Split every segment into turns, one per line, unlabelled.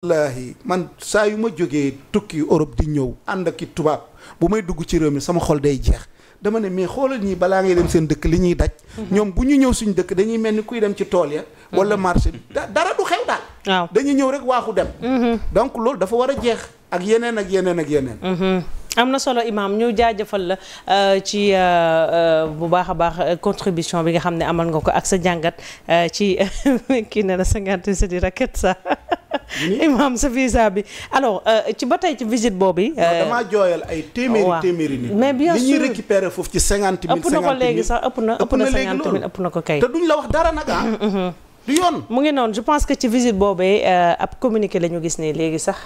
wallaahi man saa yu ma jógee tukki Europe di ñëw ànd ak i tubaab bu may dugg ci réew mi sama xol day jeex dama ne mais xoolal ñii balaa ngay dem seen dëkk li ñuy daj. Mhm. ñoom bu ñu ñëw suñ dëkk dañuy mel ni kuy dem ci tool ya. Mhm. wala marché bi dara du xew daal. waaw dañuy ñëw rek waaxu dem. Mhm. donc loolu dafa war a jeex ak yeneen ak yeneen ak yeneen.
am na solo Imaam ñu jaajëfal la euh, ci euh, euh, bu baax a baax contribution bi nga xam ne amal nga ko ak sa jàngat ci kii ne la cinquante di raket sa. imam sa visa bi alors euh, ci ba tey ci visite boobu. Euh, damaa
jooyal ay téeméeri téeméeri nit. mais bien sûr li ñuy foofu ci cinquante mille. ëpp léegi sax ëpp na ëpp na cinquante mille ëpp na ko kay. te duñ la wax dara nag ah.
du yoon mu ngi noonu je pense que ci visite boobee euh, ab communiqué la gis nii léegi sax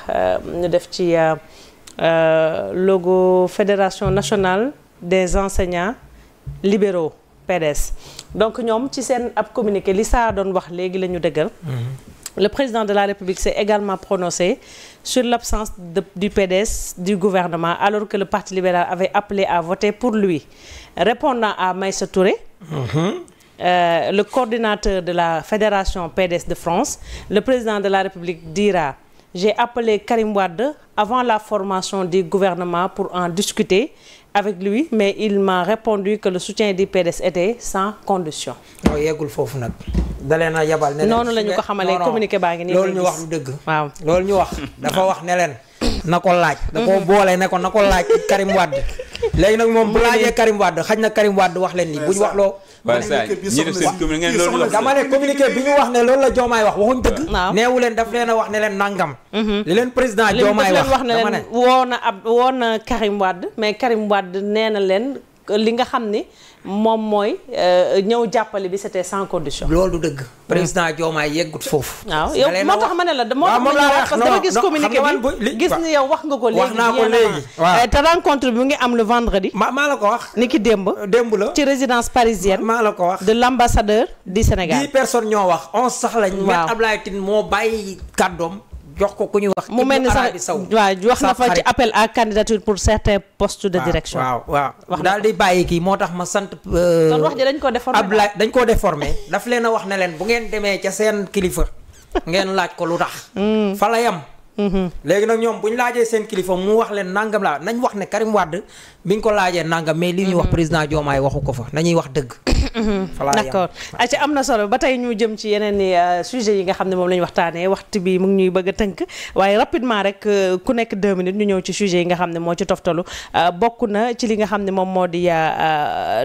ñu def ci logo fédération nationale des enseignants libéraux PDS donc ñoom ci seen ab communiqué li saa doon wax léegi la ñu dëggal. Mm-hmm. Le président de la République s'est également prononcé sur l'absence du PDS du gouvernement alors que le Parti libéral avait appelé à voter pour lui. Répondant à Maïssa Touré, mhm. euh, le coordinateur de la Fédération PDS de France, le président de la République dira j'ai appelé Karim Wade avant la formation du gouvernement pour en discuter avec lui mais il m'a répondu que le soutien du PDS était sans condition. waaw
yeggul foofu nag. dalee na yabal ne noonu la ñu ko xamalee communiqué baa ngi nii loolu ñu wax lu dëgg. waaw loolu ñu wax dafa wax ne leen. na ko laaj. da koo mhm. boole ne ko na ko laaj Karim Wade. léegi nag moom bu laajee Karim Wade xaj na Karim Wade wax leen lii bu ñu wax loo. waaw saa yi dama ne communiqué bi ñu wax ne loolu la Diomaye wax waxuñ dëgg.
neewu leen daf leen a
wax ne leen nangam. Mhm. li leen président Diomaye wax ne.
woo na ab woo na mais Karim Wade leen li nga xam ni moom mooy euh, ñëw jàppale bi c'était sans condition. loolu dëgg. Mm. président Diomaye yeggut foofu. waaw yow moo tax ma ne la moo tax ma parce que dama gis communiqué bi gis ni yow wax nga ko léegi. wax naa ko léegi waaw te rencontre bi mu ngi am le vendredi. ma maa la ko wax. ni ki démb. démb la ci résidence parisienne. maa la ko wax de l'ambassadeur di Sénégal. dix personnes ñoo wax onze sax lañ. waaw
Ablaye Tine moo bàyyi kàddoom. jox
ko ku ñuy wax. mu mel ni sax waaw wax na fa ci appel à candidature pour certains postes de direction. waaw waaw wax daal di bàyyi kii moo tax ma sant. Euh, kon wax dañ ko déformé Ablaye dañ ko déformé
daf leen a wax ne leen bu ngeen demee ca seen kilifa ngeen laaj ko lu tax. Mm. fa la yam. Mm-hmm. léegi nag ñoom bu ñu laajee seen kilifa mu wax leen nangam laa nañ wax ne Karim Wade bi
ñu ko laajee nangam mais li ñuy wax mm-hmm. président Diomaye waxu ko fa nañuy wax dëgg. voilà d'accord aca am na solo ba tey ñu jëm ci yeneen i euh, sujet yi nga xam ne moom lañu waxtaanee waxtu bi mu ngi ñuy bëgg a tënk waaye rapidement rek euh, ku nekk deux minutes ñu ñëw ci sujet yi nga xam ne moo ci toftalu euh, bokk na ci li nga xam ne moom moo di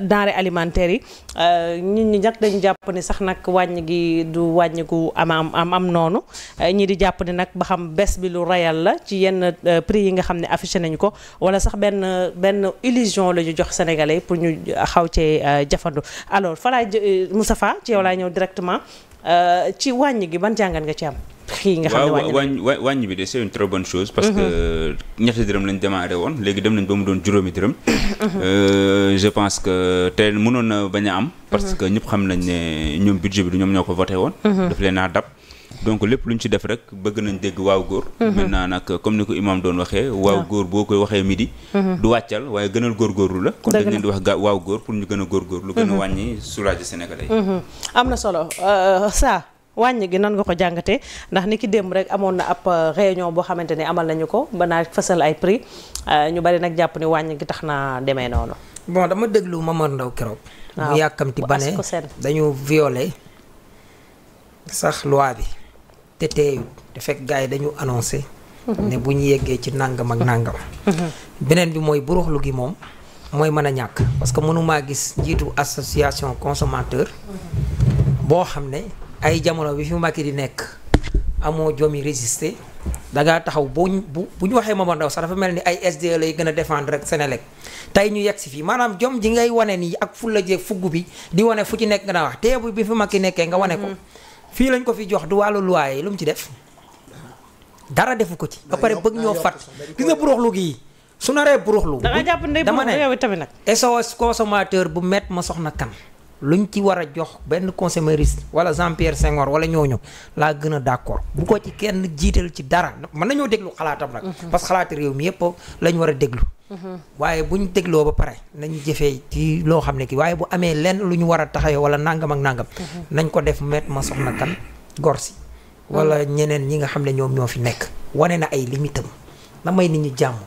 denrée alimentaire yi nit ñi nag dañu jàpp ne sax nag wàññi gi du wàññiku am am am noonu ñii di jàpp ne nag ba xam bés bi lu rayal la ci yenn prix yi nga xam ne affiché nañu ko wala sax benn benn illusion lañu jox sénégalais pour ñu xaw cee jafandu alors Falaay euh, Moustapha ci yow laay ñëw directement euh, ci wàññi gi ban jàngat nga ci am. xii nga xam ne
wàññi waaw wàññi bi de c'est une très bonne chose. parce que mhm. ñetti dërëm lañ demaare woon léegi dem nañ ba mu doon juróomi dërëm. Mhm. Euh, je pense que tey mënoon na bañ am. Mhm. parce que ñëpp xam nañ ne ñoom budget bi du ñoom ñoo ko voté woon. daf leen a dab. donc lépp lu ñu ci def rek bëgg nañ dégg waaw góor mhm. naa nag comme ni ko imaam doon waxee waaw ah. góor boo koy waxee midi mhm. du wàccal waaye gënal góorgóorlu la kon dañ leen di wax ga waaw góor pour ñu gën a góorgóorlu gën a mhm.
am na solo ça euh, wàññi gi nan nga ko jàngatee ndax ni ki démb rek amoon na ab euh, réunion boo xamante ni amal nañu ko ba naa fasal ay prix euh, ñu bari nag jàpp ni wàññi gi tax naa demee noonu
bon dama déglu Momar Ndao keroog mu ah, yàkkamti ba ne dañu violé sax loi bi te teeyut te fekk gars yi dañu annoncé. ne bu ñu yeggee ci nàngam ak nangam beneen bi mooy buruxlu gi moom mooy mën a ñàkk parce que mënumaa gis njiitu association consommateur. boo xam ne ay jamono bi fi Macky di nekk amoo jom yi résister dangaa taxaw boo bu bu ñu waxee Momar Ndao sax dafa mel ni ay SDE lay gën a défendre rek Senelec tey ñu yegg si fii maanaam jom ji ngay wane nii ak fulla jeeg fugg bi di wane fu ci nekk nga wax teebu bi fi Macky nekkee nga wane fii lañ ko fi jox du wàllu loi lu mu ci def dara defu ko ci. ba pare bëgg ñoo fàtt gis nga buruxlu gii su naree buruxlu. da nga jàpp ndey dama ne tamit nag. SOS consommateur bu met ma soxna kan. ñu ci war a jox benn consommatrice wala Jean Pierre Senghor wala ñooñu laa gën a d' accord bu ko ci kenn jiital ci dara mën nañoo déglu xalaatam nag. Mm-hmm. parce que xalaati réew mi yëpp lañ war a déglu. waaye bu ñu dégloo ba pare nañ jëfee ci loo xam ne ki waaye bu amee lenn lu ñu war a taxawee wala nàngam ak nangam. nañ ko def met ma soxna kan gor si. wala ñeneen ñi nga xam ne ñoom ñoo fi nekk. wane na ay limitam na may nit ñi jàmm.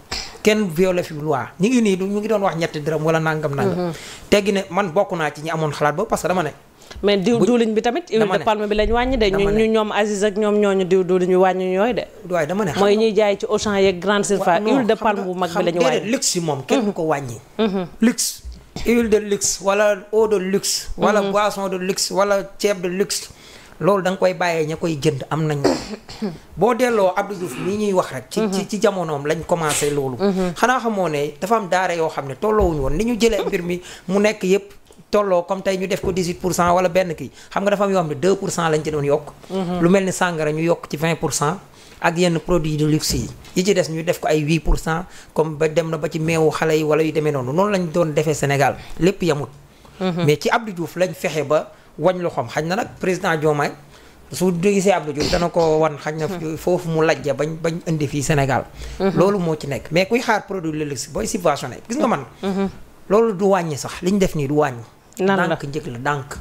kenn violé fi loi ñu ngi nii ñu ngi doon wax ñetti dërëm wala nangam nangam. teggi ne man bokk naa ci ñi amoon xalaat ba parce que dama ne. mais diw
diwlin bi tamit huile de bi lañ wàññi de ñu ñoom Aziz ak ñoom ñooñu diw diwlin bi wàññi ñooy de waaye mooy ñuy jaay ci Auchan yeeg grande surface huile de palme bu bi lañu wàññi luxe moom kenn mhm. ko wàññi
mhm. luxe huile de luxe wala eau de luxe wala mhm. boisson de luxe walla ceeb de luxe loolu da nga koy bàyyee ña koy jënd am nañ boo delloo Abdou Diouf mii ñuy wax rek. ci ci jamonoom lañ commencé loolu. xanaa xamoo ne dafa am daara yoo xam ne tolloowuñu woon ni ñu jëlee mbir mi mu nekk yëpp. tolloo comme tey ñu def ko 18 pour cent wala benn kii xam nga dafa am yoo xam ne 2 pour cent lañ ci doon yokk. Mhm. lu mel ni sàngara ñu yokk ci 20 pour cent. ak yenn produit de luxe yi yi ci des ñu def ko ay 8 pour cent comme ba dem na ba ci meewu xale yi wala yu demee noonu noonu lañ doon defee Sénégal lépp yamut. Mhm. mais ci Abdou Diouf lañ fexe ba wañ loxoom xaj na nag président Diomaye su gisee Abdou Diouf dana ko wan xaj na mhm. foofu mu lajja bañ bañ indi fii Sénégal. loolu moo ci nekk mais kuy xaar produit de luxe booy subventionné gis nga man. loolu du wàññi sax def nii du wàññi. nan la dànk njëg la dànk.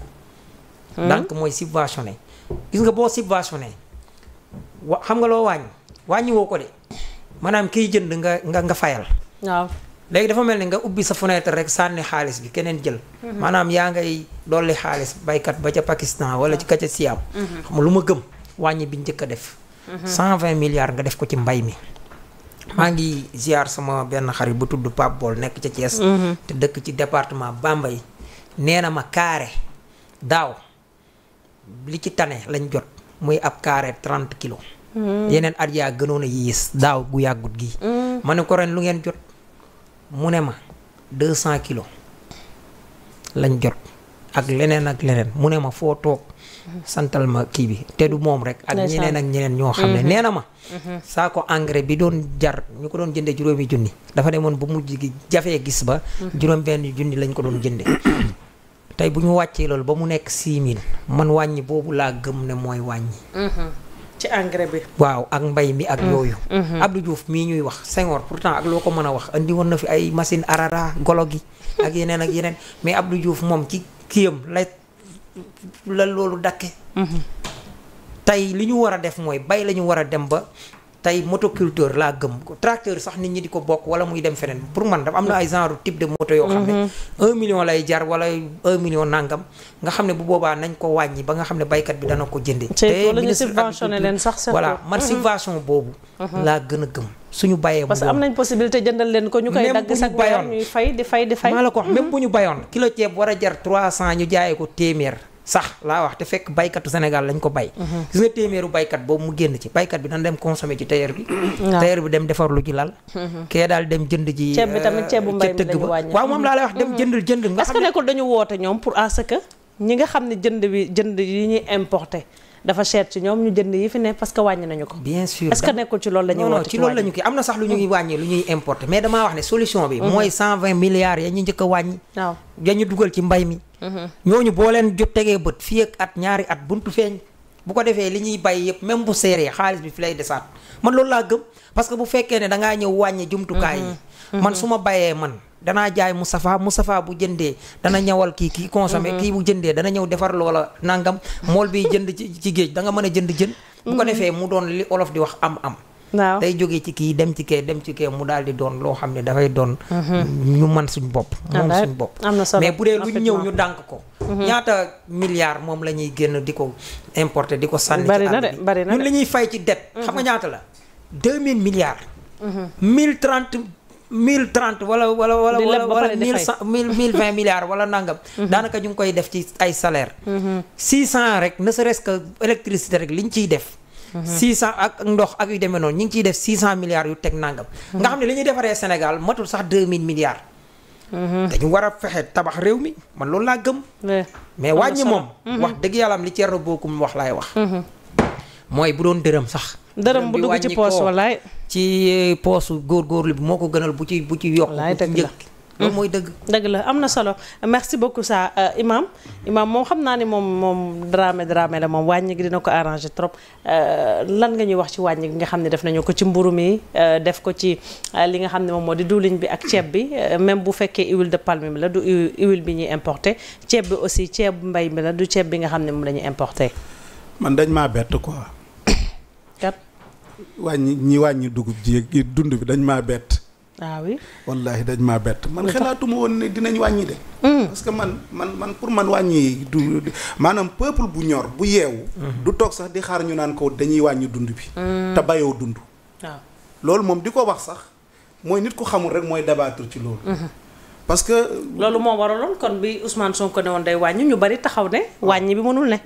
dànk hmm? mooy subventionné gis nga boo subventionné wa xam nga loo wàññi wàññi woo ko de maanaam kiy jënd nga nga nga fayal. léegi dafa mel ni nga ubbi sa fenêtre rek sànni xaalis bi keneen jël. Hmm. maanaam yaa ngay dolli xaalis baykat ba ca Pakistan wala hmm. ca ca Siam. xam lu ma gëm wàññi bi njëkk a def. 120 milliards nga def ko ci mbay mi. maa ngi ziar sama benn xarit bu tudd Pape nekk ca Thiès. te dëkk ci département Bambey. nee na ma carré daaw li ci tane lañ jot muy ab carré 30 kilos. Hmm. yeneen at yaa gënoon a yiis daaw gu yàggut gi hmm. ma ne ko ren lu ngeen jot mu ne ma 200 kilos lañ jot ak leneen ak leneen mu ne ma foo santal ma kii bi te du moom rek ak ñeneen ak ñeneen ñoo xam ne hmm. nee na ma saa ko engrais bi doon jar ñu ko doon jënde juróomi junni dafa demoon bu mujj gi jafee gis ba juróom benn junni lañ ko doon jënde tey bu ñu wàccee loolu ba mu nekk 6000 man wàññi boobu laa gëm ne mooy wàññi.
Mm-hmm. ci engrais bi.
waaw ak mbay mi ak mm-hmm. yooyu. Mm-hmm. Abdou Diouf mii ñuy wax Senghor pourtant ak loo ko mën a wax andi woon na fi ay machine arara golo gi ak yeneen ak yeneen mais Abdou Diouf moom ci kiyam la la loolu dakke tey li ñu war a def mooy bay la war a dem ba tey culture laa gëm ko tracteur sax nit ñi di ko bokk wala muy dem feneen pour man dafa am na ay genre type de moto yoo xam ne mhm. un million lay jar wala un million nangam nga xam ne bu boobaa nañ ko wàññi ba nga xam ne baykat bi dana ko jënde te ministre subventionné leen sax voilà man mhm. subvention boobu mhm. laa gën a gëm suñu bayee parce que am nañ
possibilité jëndal leen ko ñu koy dagg sax fay
di fay di fay maa la ko bayoon kilo ceeb war a jar trois cent ñu jaayee ko téeméer sax laa wax te fekk baykatu Sénégal lañ ko bay mhm. gis nga téeméeru baykat boobu mu génn ci baykat bi dana dem consommer ci tailleur bi tailleur bi dem defar lu ji lal mhm. kee daal dem jënd ji ceeb bi tamit ceebu euh, mbay mi lañu wàññi waaw moom
mhm. nekkul dañu woote ñoom pour à ce ñi nga xam ne jënd bi jënd yi ñuy importé dafa cher ci ñoom ñu jënd yi fi ne parce que wàññi nañu ko bien sûr est-ce que nekkul ci loolu
la woote ci loolu lañu kii am na sax lu ñuy wàññi lu ñuy importé mais damaa wax ne solution bi mooy 120 milliards a ci mbay mi ñooñu boo leen jot tegee bët fii ak at ñaari at buntu feeñ bu ko defee li ñuy bay yëpp même bu seeree xaalis bi fi lay desaat man loolu laa gëm parce que bu fekkee ne da ngaa ñëw wàññi jumtukaay yi mhm. man mhm. su ma bayee man danaa jaay Moustapha Moustapha bu jëndee dana ñawal kii kii consommé mhm. kii bu jëndee dana ñëw defar loola nangam mool bii jënd ci géej da nga mën a jënd jën bu ko defee mu doon li olof di wax am am waaw day ci kii dem ci kee dem ci kee mu daal di doon loo xam ne dafay doon. Mhm. ñu man suñ bopp. Ah, moom suñ bopp mais bu dee lu ñëw ñu dànk ko. Mhm. ñaata milliards moom la ñuy génn di ko importer di ko sànni. bari na na de ñuy fay ci dette. Mhm. xam nga ñaata la deux mille milliards. mille trente mille trente wala wala wala wala mille cent mille mille vingt milliards wala nangam. daanaka ñu ngi koy def ci ay salaire six cent rek ne serait-ce que électricité rek liñ ciy def. 600 mhm. ak ndox ak yu demee noonu ñu ngi ciy def 600 milliards yu teg nangam. Mhm. nga xam ne li ñuy defaree Sénégal matul sax 2000 milliards. Mhm. dañu war a fexe tabax réew mi man loolu laa gëm. mais wàññi moom. wax dëgg yàlla am li Thierno Bocoum wax laay wax. mooy bu doon dërëm sax.
dërëm bu dugg ci poos
walaay ci euh, poosu góorgóorlu bi moo ko gënal bu ci bu ci yokk bu ci njëkk loolu
mooy dëgg. dëgg la am na solo merci beaucoup ça euh, Imaam Imaam moom xam naa ne moom moom dramé dramé la moom wàññi gi dina ko arrangé trop euh, lan nga ñuy wax ci wàññi gi nga xam ne def nañu ko ci mburu mi euh, def ko ci li nga xam ne moom moo di diwlin bi ak ceeb bi même bu fekkee huile de palme bi la du huile bi ñuy importé ceeb bi aussi ceeb mbay mi la du ceeb bi nga xam ne moom la ñuy
man dañ maa bett quoi. kat wàññi wàññi dugub ji dund bi dañ maa bett. ah oui wallaahi dañ maa bett man xalaatuma woon ne dinañ wàññi de. Hmm. parce que man man man pour man wàññi du maanaam peuple bu ñor bu yeewu. Hmm. du toog sax di xaar ñu naan ko dañuy wàññi dund bi. Hmm. te bayoo dund. waaw loolu moom di ko wax sax mooy nit ko xamul rek mooy débattre ci loolu. parce que.
loolu moo waraloon kon bi Ousmane Sonko ne woon day wàññi ñu bari taxaw ne wàññi bi mënul ne.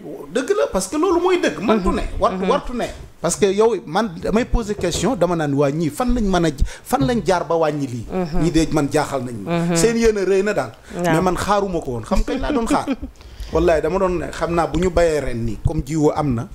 parce que loolu mooy dëgg. mëntu ne mhm. wartu ne. parce yow man damay poser question dama naan waa ñii fan lañ man a fan lañ jaar ba wàññi lii. Mhm. ñii de man jaaxal nañ ma. Mhm. seen yéen a rëy na daal. mais man xaaruma ko woon xam kañ laa doon xaar. wallaay dama doon ne xam naa bu ñu bayee ren nii comme jiwu am na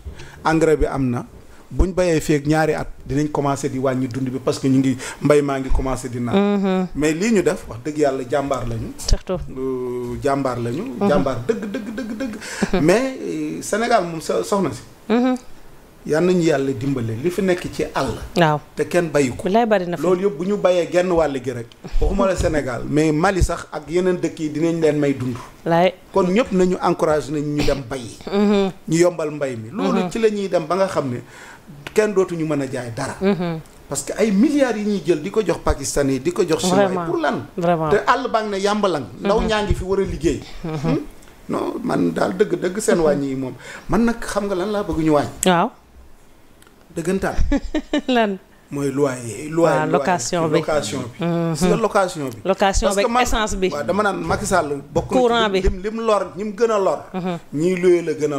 engrais bi am na. buñ béyee feeg ñaari at dinañ commencé di wàññi dund bi parce que ñu ngi mbay maa commencé di mm-hmm. mais lii ñu def wax dëgg yàlla jàmbaar lañu. surtout euh, jàmbaar lañu. Mm-hmm. jàmbaar dëgg dëgg dëgg dëgg. Mm-hmm. mais euh, Sénégal moom soxna si. yal nañu yàlla dimbale li fi nekk ci àll. waaw kenn bayu ko. bilaay bari na loolu yëpp bu ñu bayee genn wàll gi rek. waxuma la Sénégal mais Mali sax ak yeneen dëkk yi dinañ leen may dund. laay kon ñëpp nañu encouragé nañ ñu dem bay ñu yombal mbay mi. loolu ci la ñuy dem ba nga xam ne. kenn dootuñu mën a jaay dara. Mhm. parce que ay milliards yi ñuy jël di ko jox pakistanais yi di ko jox. chinois yi pour lan. te àll baa ngi ne yàmbalang. Mhm. ndaw ñaa ngi fi war a liggéey. Mhm. Hmm? non man daal dëgg-dëgg seen wàññi yi moom man nag xam nga lan laa bëgg ñu wàññi. waaw. dëggantaan. lan. mooy loyer. loyer ah, bi si la location bi. location beeg essence bi parce dama naan Macky Sall. bokk na ci lim lim lor ñi mu gën a lor. ñiy loyer la gën a lor.